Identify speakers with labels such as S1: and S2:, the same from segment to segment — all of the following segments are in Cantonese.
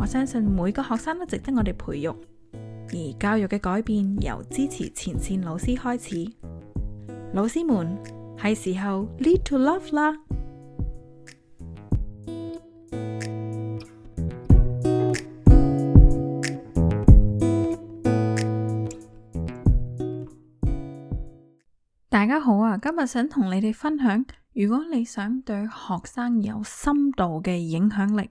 S1: 我相信每個學生都值得我哋培育，而教育嘅改變由支持前線老師開始。老師們，係時候 lead to love 啦！大家好啊，今日想同你哋分享，如果你想對學生有深度嘅影響力。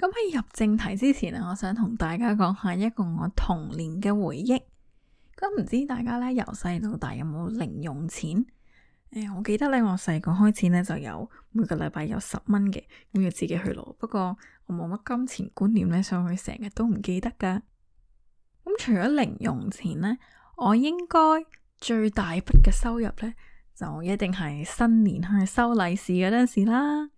S1: 咁喺入正題之前啊，我想同大家講下一個我童年嘅回憶。咁唔知大家呢由細到大有冇零用錢？誒、欸，我記得呢，我細個開始呢就有每個禮拜有十蚊嘅，咁要自己去攞。不過我冇乜金錢觀念呢，所以成日都唔記得噶。咁除咗零用錢呢，我應該最大筆嘅收入呢，就一定係新年去收利是嗰陣時啦。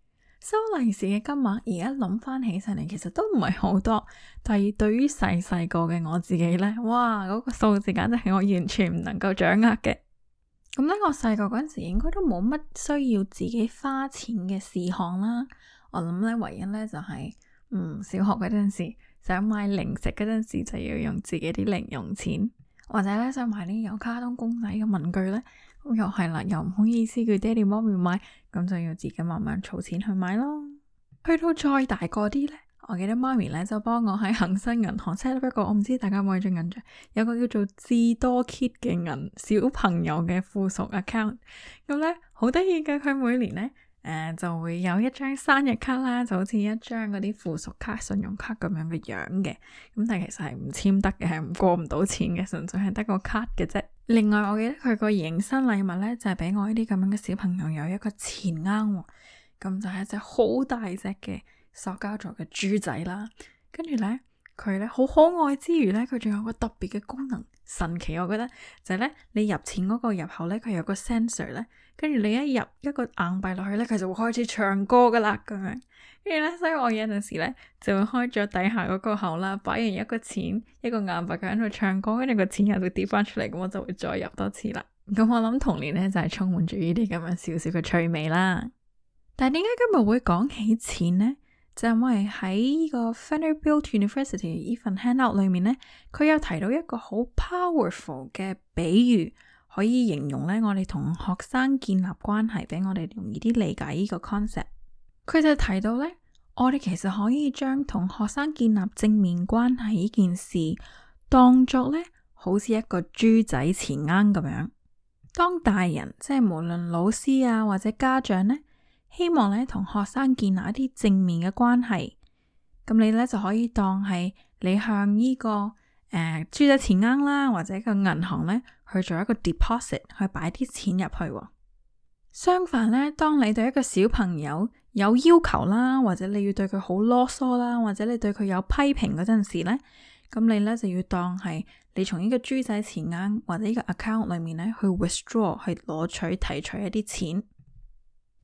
S1: 收利是嘅金額，而家諗翻起上嚟，其實都唔係好多。但係對於細細個嘅我自己呢，哇，嗰個數字簡直係我完全唔能夠掌握嘅。咁呢，我細個嗰陣時應該都冇乜需要自己花錢嘅事項啦。我諗呢唯一呢就係，嗯，小學嗰陣時想買零食嗰陣時，就要用自己啲零用錢，或者呢，想買啲有卡通公仔嘅文具呢。又係啦，又唔好意思，叫爹地媽咪買，咁就要自己慢慢儲錢去買咯。去到再大個啲咧，我記得媽咪咧就幫我喺恒生銀行，即係一個我唔知大家有冇印象，有個叫做智多 Kid 嘅銀小朋友嘅附屬 account。咁咧好得意嘅，佢每年咧誒、呃、就會有一張生日卡啦，就好似一張嗰啲附屬卡、信用卡咁樣嘅樣嘅。咁但係其實係唔簽得嘅，係過唔到錢嘅，純粹係得個卡嘅啫。另外，我記得佢個迎新禮物咧，就係畀我呢啲咁樣嘅小朋友有一個錢罌，咁就係一隻好大隻嘅塑膠做嘅豬仔啦，跟住咧。佢咧好可愛之餘咧，佢仲有個特別嘅功能，神奇我覺得就係、是、咧，你入錢嗰個入口咧，佢有個 sensor 咧，跟住你一入一個硬幣落去咧，佢就會開始唱歌噶啦，咁樣跟住咧，所以我有陣時咧就會開咗底下嗰個口啦，擺完一個錢一個硬幣佢喺度唱歌，跟住個錢又會跌翻出嚟，咁我就會再入多次啦。咁、嗯、我諗童年咧就係、是、充滿住呢啲咁樣少少嘅趣味啦。但係點解今日會講起錢咧？就因為喺呢個 Vanderbilt University 呢份 handout 裏面呢，佢有提到一個好 powerful 嘅比喻，可以形容呢我哋同學生建立關係，俾我哋容易啲理解呢個 concept。佢就提到呢，我哋其實可以將同學生建立正面關係呢件事，當作呢好似一個豬仔錢罌咁樣，當大人即係無論老師啊或者家長呢。希望咧同學生建立一啲正面嘅關係，咁你咧就可以當係你向呢個誒豬仔錢罌啦，或者個銀行咧去做一個 deposit 去擺啲錢入去。相反咧，當你對一個小朋友有要求啦，或者你要對佢好囉嗦啦，或者你對佢有批評嗰陣時咧，咁你咧就要當係你從呢個豬仔錢罌或者呢個 account 裏面咧去 withdraw 去攞取，取提取一啲錢。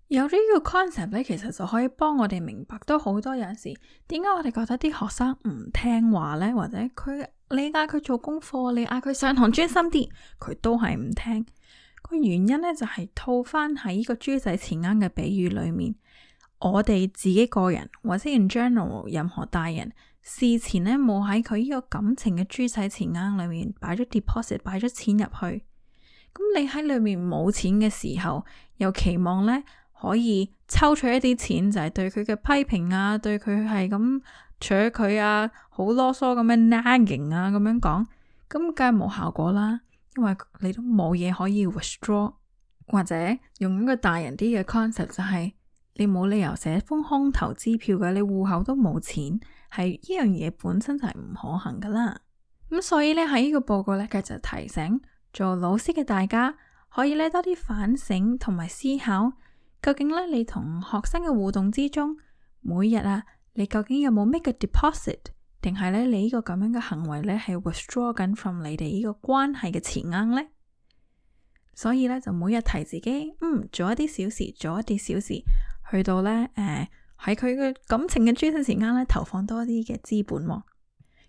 S1: 有呢個 concept 咧，其實就可以幫我哋明白都好多，有陣時點解我哋覺得啲學生唔聽話呢？或者佢，你嗌佢做功課，你嗌佢上堂專心啲，佢都係唔聽。個原因呢，就係套翻喺呢個豬仔錢罌嘅比喻裏面，我哋自己個人或者 in general 任何大人事前呢，冇喺佢呢個感情嘅豬仔錢罌裏面擺咗 deposit，擺咗錢入去。咁你喺裏面冇錢嘅時候，又期望呢。可以抽取一啲錢，就係、是、對佢嘅批評啊，對佢係咁取佢啊，好囉嗦咁樣 nagging 啊，咁樣講，咁梗係冇效果啦，因為你都冇嘢可以 withdraw 或者用一個大人啲嘅 concept 就係、是、你冇理由寫封空頭支票嘅，你戶口都冇錢，係呢樣嘢本身就係唔可行噶啦。咁、嗯、所以咧喺呢個報告咧，繼續提醒做老師嘅大家可以咧多啲反省同埋思考。究竟咧，你同學生嘅互動之中，每日啊，你究竟有冇咩嘅 deposit？定係咧，你呢個咁樣嘅行為咧，係 withdraw 緊 from 你哋呢個關係嘅錢罌呢？所以咧，就每日提自己，嗯，做一啲小事，做一啲小事，去到咧，誒、呃，喺佢嘅感情嘅儲蓄錢罌咧，投放多啲嘅資本啊。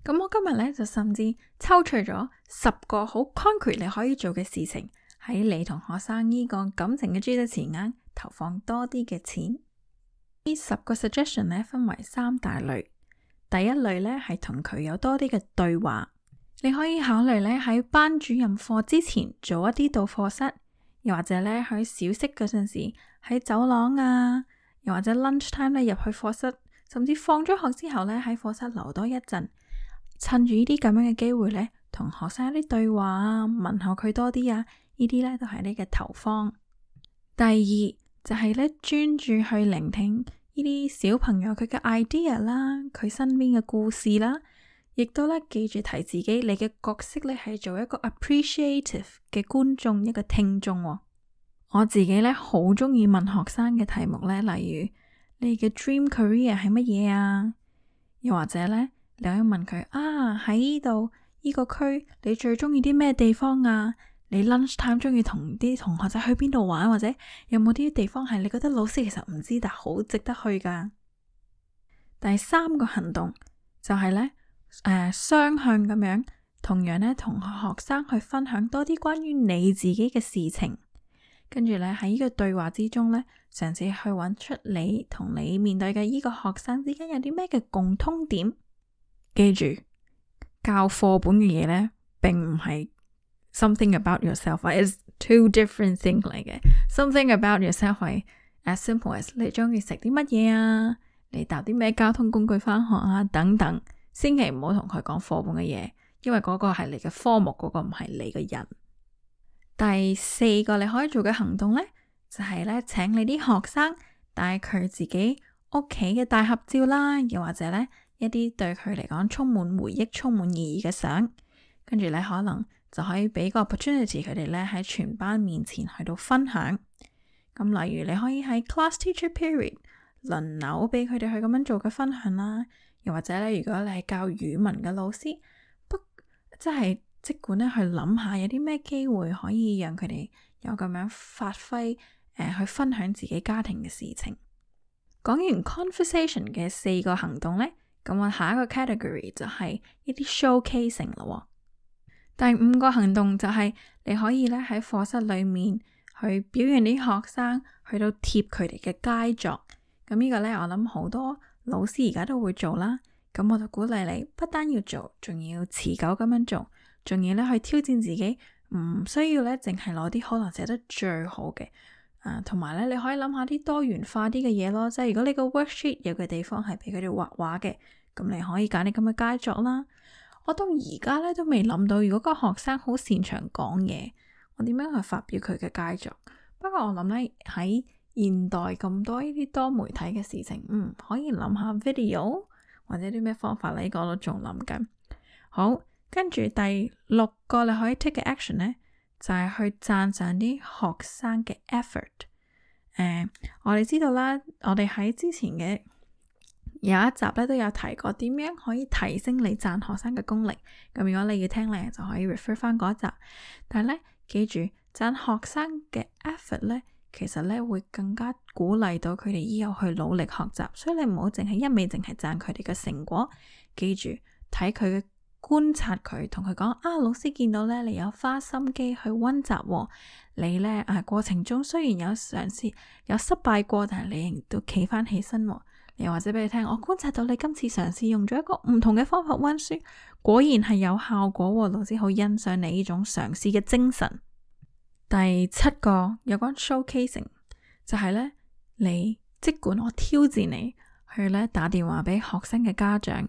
S1: 咁我今日咧就甚至抽取咗十個好 concrete 你可以做嘅事情，喺你同學生呢個感情嘅儲蓄錢罌。投放多啲嘅錢。呢十個 suggestion 咧，分為三大類。第一類咧係同佢有多啲嘅對話，你可以考慮咧喺班主任課之前早一啲到課室，又或者咧喺小息嗰陣時喺走廊啊，又或者 lunch time 咧入去課室，甚至放咗學之後咧喺課室留多一陣，趁住呢啲咁樣嘅機會咧，同學生一啲對話啊，問候佢多啲啊，呢啲咧都係你嘅投放。第二。就係咧專注去聆聽呢啲小朋友佢嘅 idea 啦，佢身邊嘅故事啦，亦都咧記住提自己你嘅角色咧係做一個 appreciative 嘅觀眾，一個聽眾。我自己咧好中意問學生嘅題目咧，例如你嘅 dream career 係乜嘢啊？又或者咧，你可以問佢啊，喺呢度呢個區你最中意啲咩地方啊？你 lunchtime 中意同啲同學仔去邊度玩，或者有冇啲地方係你覺得老師其實唔知，但好值得去噶。第三個行動就係呢：誒、呃、雙向咁樣，同樣呢，同學，學生去分享多啲關於你自己嘅事情，跟住呢，喺呢個對話之中呢，嘗試去揾出你同你面對嘅呢個學生之間有啲咩嘅共通點。記住教課本嘅嘢呢，並唔係。Something about yourself is two different thing 嚟嘅。Something about yourself is as simple as 你中意食啲乜嘢啊，你搭啲咩交通工具返學啊等等。千祈唔好同佢講課本嘅嘢，因為嗰個係你嘅科目，嗰、嗰個唔係你嘅人。第四個你可以做嘅行動呢，就係、係、呢：請你啲學生帶佢自己屋企嘅大合照啦，又或者呢，一啲對佢嚟講充滿回憶、充滿意義嘅相，跟住你可能，就可以俾個 opportunity 佢哋咧，喺全班面前去到分享，咁例如你可以喺 class teacher period 輪流俾佢哋去咁樣做嘅分享啦，又或者咧，如果你係教語文嘅老師，不即係即管咧去諗下有啲咩機會可以讓佢哋有咁樣發揮，誒、呃、去分享自己家庭嘅事情。講完 conversation 嘅四個行動咧，咁我下一個 category 就係一啲 showcasing 咯。第五個行動就係你可以咧喺課室裏面去表揚啲學生去到貼佢哋嘅佳作，咁呢個呢，我諗好多老師而家都會做啦，咁我就鼓勵你，不單要做，仲要持久咁樣做，仲要咧去挑戰自己，唔需要咧淨係攞啲可能寫得最好嘅，同埋咧你可以諗下啲多元化啲嘅嘢咯，即係如果你個 worksheet 有嘅地方係俾佢哋畫畫嘅，咁你可以揀啲咁嘅佳作啦。我到而家咧都未諗到，如果個學生好擅長講嘢，我點樣去發表佢嘅佳作？不過我諗咧喺現代咁多呢啲多媒體嘅事情，嗯，可以諗下 video 或者啲咩方法呢。呢、這個我仲諗緊。好，跟住第六個你可以 take 嘅 action 呢，就係、是、去讚賞啲學生嘅 effort、嗯。我哋知道啦，我哋喺之前嘅，有一集咧都有提過點樣可以提升你讚學生嘅功力，咁、嗯、如果你要聽咧就可以 refer 翻嗰一集。但係咧，記住讚學生嘅 effort 咧，其實咧會更加鼓勵到佢哋以後去努力學習。所以你唔好淨係一味淨係讚佢哋嘅成果。記住睇佢嘅觀察佢，同佢講啊，老師見到咧你有花心機去溫習、哦，你咧啊過程中雖然有嘗試有失敗過，但係你亦都企翻起身、哦。又或者俾你聽，我觀察到你今次嘗試用咗一個唔同嘅方法溫書，果然係有效果。老師好欣賞你呢種嘗試嘅精神。第七個有關 showcasing，就係呢：你即管我挑戰你去呢打電話俾學生嘅家長，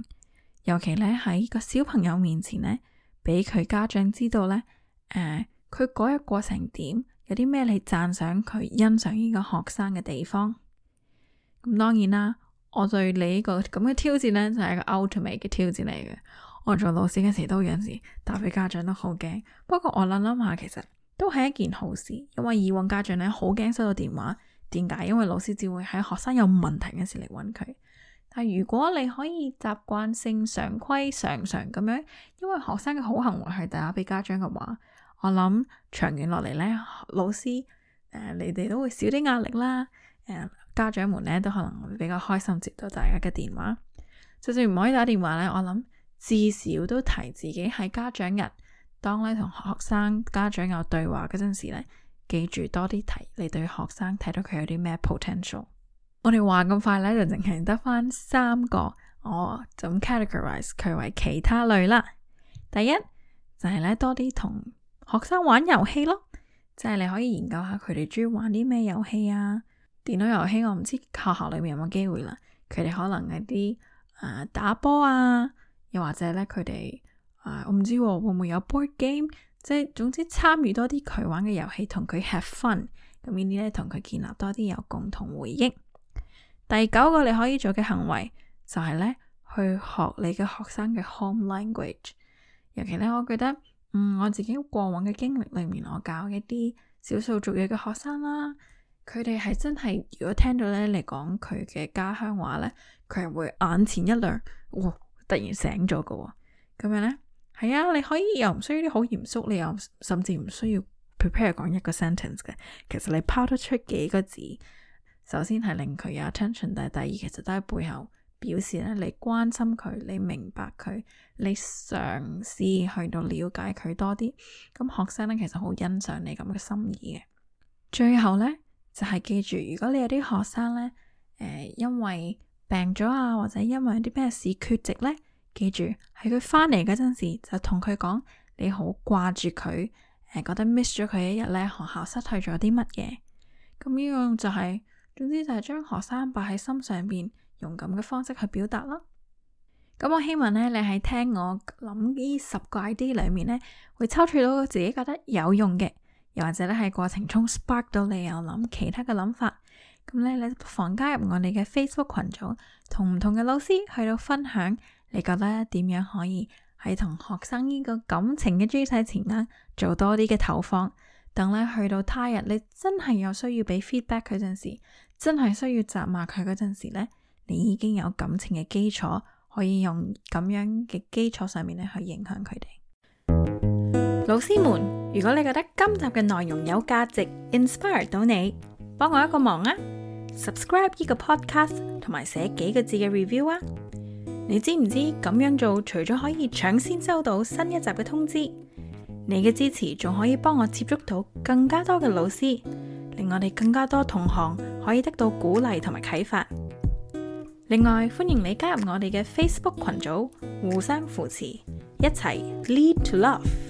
S1: 尤其呢喺個小朋友面前呢，俾佢家長知道呢，誒、呃，佢嗰日過程點，有啲咩你讚賞佢、欣賞呢個學生嘅地方。咁當然啦。我對你呢個咁嘅挑戰呢，就係一個 ultimate 嘅挑戰嚟嘅。我做老師嘅時都有陣時打俾家長都好驚，不過我諗諗下，其實都係一件好事，因為以往家長呢好驚收到電話，點解？因為老師只會喺學生有問題嘅時嚟搵佢。但係如果你可以習慣性常規常常咁樣，因為學生嘅好行為係打畀家長嘅話，我諗長遠落嚟呢，老師誒，你哋都會少啲壓力啦，誒。家長們咧都可能會比較開心接到大家嘅電話，就算唔可以打電話咧，我諗至少都提自己喺家長日。當咧同學生家長有對話嗰陣時咧，記住多啲提你對學生睇到佢有啲咩 potential。 我哋話咁快咧， 就淨係得翻三個，我就咁 categorize 佢為其他類啦。第一就係、是、咧多啲同學生玩遊戲咯，即係你可以研究下佢哋中意玩啲咩遊戲啊。電腦遊戲我唔知學校裏面有冇機會啦，佢哋可能係啲誒、呃、打波啊，又或者咧佢哋誒我唔知、啊、會唔會有 board game，即係總之參與多啲佢玩嘅遊戲，同佢 have fun，咁呢啲咧同佢建立多啲有共同回憶。第九個你可以做嘅行為就係、是、咧去學你嘅學生嘅 home language，尤其咧我覺得嗯我自己過往嘅經歷裏面，我教一啲少數族裔嘅學生啦。佢哋係真係，如果聽到咧你講佢嘅家鄉話咧，佢係會眼前一亮，哇！突然醒咗噶，咁樣咧，係啊，你可以又唔需要啲好嚴肅，你又甚至唔需要 prepare 講一個 sentence 嘅。其實你拋得出幾個字，首先係令佢有 attention，但係第二其實都喺背後表示咧，你關心佢，你明白佢，你嘗試去到了解佢多啲。咁學生咧其實好欣賞你咁嘅心意嘅。最後咧。就係記住，如果你有啲學生呢，誒、呃，因為病咗啊，或者因為啲咩事缺席呢，記住喺佢翻嚟嗰陣時，就同佢講，你好掛住佢，誒、呃，覺得 miss 咗佢一日呢，學校失去咗啲乜嘢？咁呢樣就係、是，總之就係將學生擺喺心上邊，用咁嘅方式去表達啦。咁我希望呢，你喺聽我諗呢十個 idea 裏面呢，會抽取到自己覺得有用嘅。或者咧，喺過程中 spark 到你又諗其他嘅諗法，咁咧你不妨加入我哋嘅 Facebook 群組，同唔同嘅老師去到分享，你覺得點樣可以喺同學生呢個感情嘅豬仔錢罌做多啲嘅投放？等咧去到他日你真係有需要俾 feedback 佢陣時，真係需要責罵佢嗰陣時咧，你已經有感情嘅基礎，可以用咁樣嘅基礎上面咧去影響佢哋。老師們，如果你覺得今集嘅內容有價值，inspire 到你，幫我一個忙啊！Subscribe 呢個 podcast，同埋寫幾個字嘅 review 啊。你知唔知咁樣做除咗可以搶先收到新一集嘅通知，你嘅支持仲可以幫我接觸到更加多嘅老師，令我哋更加多同行可以得到鼓勵同埋啟發。另外，歡迎你加入我哋嘅 Facebook 群組，互相扶持，一齊 lead to love。